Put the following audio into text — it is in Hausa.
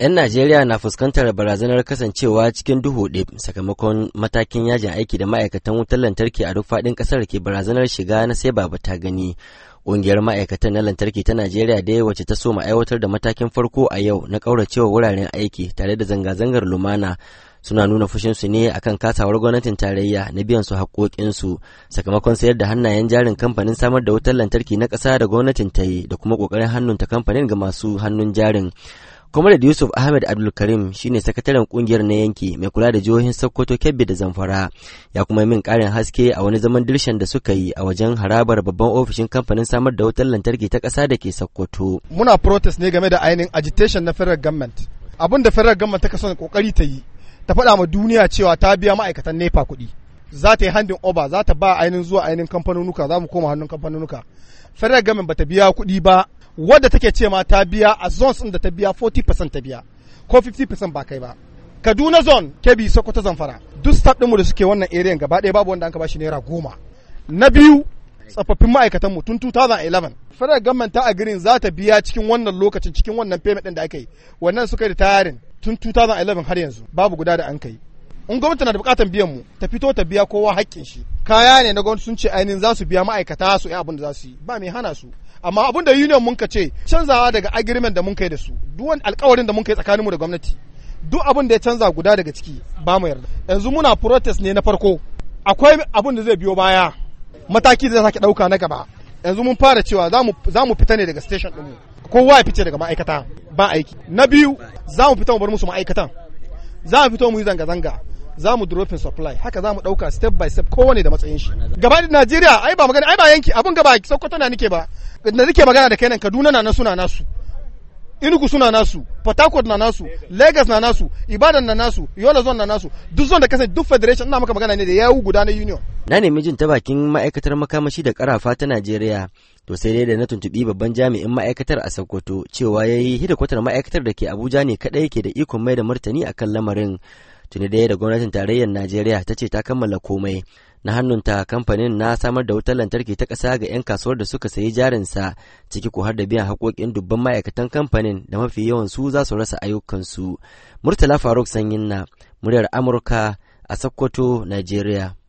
'Yan Najeriya na fuskantar barazanar kasancewa cikin duhu ɗib sakamakon matakin yajin aiki da ma'aikatan wutar lantarki a duk faɗin ƙasar ke barazanar shiga na sai ba ta gani. Ƙungiyar ma'aikatan na lantarki ta Najeriya dai wacce ta so aiwatar da matakin farko a yau na ƙauracewa wuraren aiki tare da zanga-zangar lumana suna nuna fushinsu ne akan kasawar gwamnatin tarayya na biyan su haƙoƙinsu sakamakon sayar da hannayen jarin kamfanin samar da wutar lantarki na ƙasa da gwamnatin ta yi da kuma ƙoƙarin hannunta kamfanin ga masu hannun jarin. Comrade Yusuf Ahmed Abdulkarim shine sakataren kungiyar na yanki mai kula da jihohin Sokoto, Kebbi da Zamfara ya kuma min karin haske a wani zaman dirshan da suka yi a wajen harabar babban ofishin kamfanin samar da wutar lantarki ta ƙasa da ke Sokoto. Muna protest ne game da ainihin agitation na federal government. Abin da federal government ta kaso kokari ta yi ta faɗa ma duniya cewa ta biya ma'aikatan NEPA kuɗi. Za ta yi handin oba za ta ba ainihin zuwa ainihin kamfanonuka za mu koma hannun kamfanonuka. Federal government bata biya kuɗi ba wadda take ce ma ta biya a zones da ta biya 40% ta biya ko 50% ba kai ba kaduna zone kebbi sokoto zamfara duk staff ɗinmu da suke wannan area gaba ɗaya babu wanda an ka bashi naira goma na biyu tsofaffin ma'aikatan mu tun 2011 federal government ta agreeing za ta biya cikin wannan lokacin cikin wannan payment din da aka yi wannan suka yi da tayarin tun 2011 har yanzu babu guda da an kai in gwamnati na da bukatan biyan mu ta fito ta biya kowa haƙƙin shi kaya ne na gwamnati sun ce ainihin za su biya ma'aikata su yi abin da za su yi ba mai hana su amma abin da union mun ka ce canzawa daga agreement da mun kai da su duk wani alkawarin da mun kai tsakanin mu da gwamnati duk abin da ya canza guda daga ciki ba mu yarda yanzu muna protest ne na farko akwai abin da zai biyo baya mataki da zai sake dauka na gaba yanzu mun fara cewa za mu fita ne daga station ɗinmu kowa ya fice daga ma'aikata ba aiki na biyu za mu fita mu bar musu ma'aikatan za mu fito mu yi zanga-zanga za mu dropping supply haka za mu ɗauka step by step kowane da matsayin shi gaba da najeriya ai ba magana ai ba yanki abin gaba sokoto na nike ba na nike magana da kenan kaduna na suna nasu inugu suna nasu port harcourt na nasu lagos na nasu ibadan na nasu yola zone na nasu duk zone da kasance duk federation ina maka magana ne da yawu guda na union na nemi jin ta bakin ma'aikatar makamashi da karafa ta najeriya to sai dai da na tuntubi babban jami'in ma'aikatar a sokoto cewa ya yi hidakwatar ma'aikatar da ke abuja ne kadai ke da ikon mai da martani akan lamarin tuni dai da gwamnatin tarayyar najeriya ta ce ta kammala komai na hannunta kamfanin na samar da wutar lantarki ta ƙasa ga 'yan kasuwar da suka sayi jarinsa ciki ko har da biyan haƙoƙin dubban ma'aikatan kamfanin da mafi yawan su za su rasa ayyukansu murtala faruk sanyin na muryar amurka a sokoto najeriya